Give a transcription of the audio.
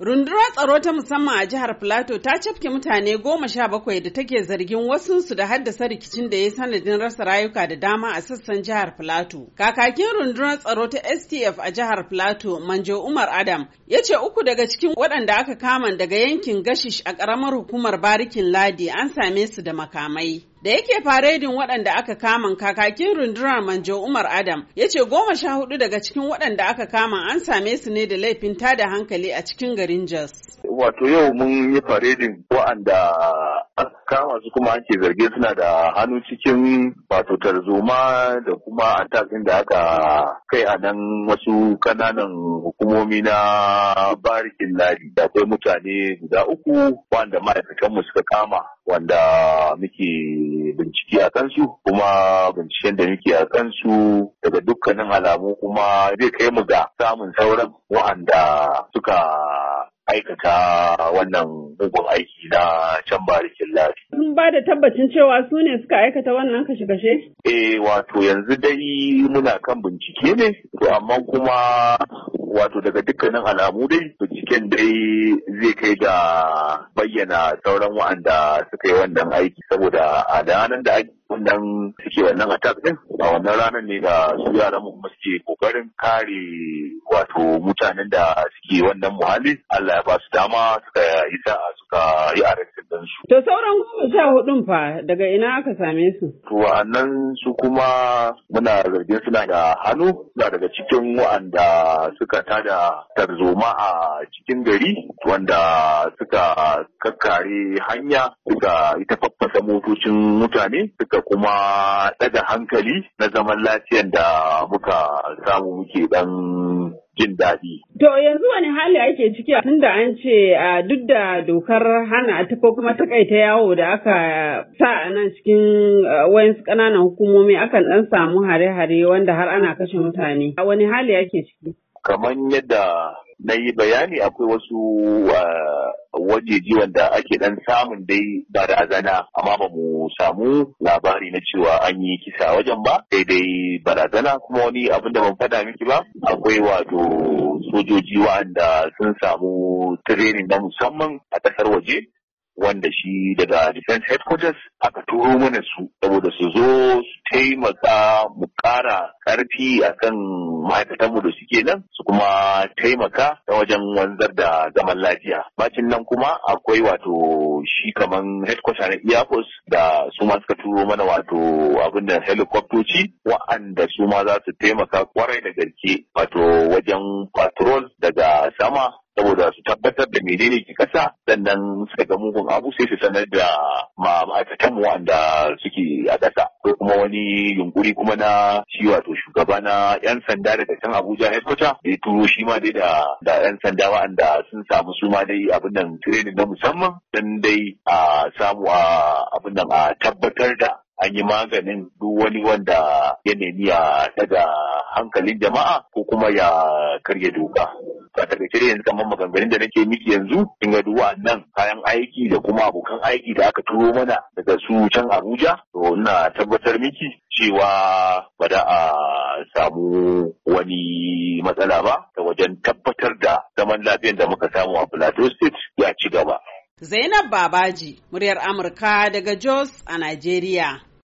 Rundunar tsaro ta musamman a jihar Filato ta cafke mutane goma sha bakwai da take zargin wasunsu da haddasa rikicin da ya sanadin rasa rayuka da dama a sassan jihar Filato. Kakakin rundunar tsaro ta STF a jihar Filato, Manjo Umar Adam, ya ce uku daga cikin waɗanda aka kama daga yankin Gashish a ƙaramar hukumar Barikin Ladi an same su da makamai. da yake faredin waɗanda aka kaman kakakin rundunar manjo umar adam ya ce goma sha hudu daga cikin waɗanda aka kama an same su ne da laifin tada hankali a cikin garin jos wato yau mun yi faredin waɗanda kama su kuma ake zarge suna da hannu cikin wato tarzoma da kuma atakin da aka kai a nan wasu kananan hukumomi na barikin ladi da akwai mutane guda uku wanda ma'aikatanmu suka kama wanda muke bincike a kansu kuma binciken da muke a kansu daga dukkanin alamu kuma zai kai mu ga samun sauran wa'anda suka aikata wannan mugun aiki na can barikin lafi. Mun ba da tabbacin cewa su ne suka aikata wannan kashe-kashe? Eh wato yanzu dai muna kan bincike ne, to amma kuma wato daga dukkanin alamu dai binciken dai zai kai ga bayyana sauran wa'anda suka yi wannan aiki saboda a ranar da ake wannan suke wannan attack din a wannan ranar ne da su yaran mu kuma suke kokarin kare wato mutanen da suke wannan muhalli Allah ya ba su dama suka yi sa'a suka yi arrest din su. Da sauran sha hudun fa daga ina aka same su? Wa'annan su kuma muna zargin suna da hannu suna daga cikin wa'anda suka tada tarzoma a cikin gari wanda suka kakkare hanya suka ita faffasa motocin mutane suka kuma ɗaga hankali na zaman lafiyan da muka samu muke dan jin daɗi. To yanzu wani hali ake ciki tunda an ce a duk da dokar hana ta ko kuma takaita yawo da aka sa a nan cikin wayansu ƙananan hukumomi akan ɗan samu hare-hare wanda har ana kashe mutane. A wani hali ake ciki? Kamar yadda na yi bayani akwai wasu wajeji wanda ake dan samun dai barazana amma ba mu samu labari na cewa an yi kisa wajen ba sai dai barazana kuma wani abin da ban faɗa miki ba akwai wato sojoji wa'anda sun samu training na musamman a ƙasar waje wanda shi daga defense headquarters aka turo mana su saboda su zo su taimaka mu ƙara ƙarfi akan ma'aikatanmu da suke nan su kuma taimaka ta wajen wanzar da zaman lafiya bacin nan kuma akwai wato shi kaman headquarters na air da su ma suka turo mana wato abin da helicoptoci wa'anda su ma za su taimaka kwarai da gaske wato wajen patrol daga sama saboda su tabbatar da menene ke kasa sannan suka ga mugun abu sai su sanar da ma'aikatan wanda suke a kasa ko kuma wani yunkuri kuma na shi wato shugaba na yan sanda daga can Abuja headquarter da ya turo shi ma dai da yan sanda wa'anda sun samu su ma dai abin nan training na musamman dan dai a samu a abin nan a tabbatar da an yi maganin duk wani wanda ya nemi ya daga hankalin jama'a ko kuma ya karya doka. a takaice yanzu kamar maganganun da nake miki yanzu in ga duwa nan kayan aiki da kuma abokan aiki da aka turo mana daga su can Abuja to ina tabbatar miki cewa ba da a samu wani matsala ba ta wajen tabbatar da zaman lafiyar da muka samu a Plateau State ya ci gaba. Zainab Babaji, muryar Amurka daga Jos a Najeriya.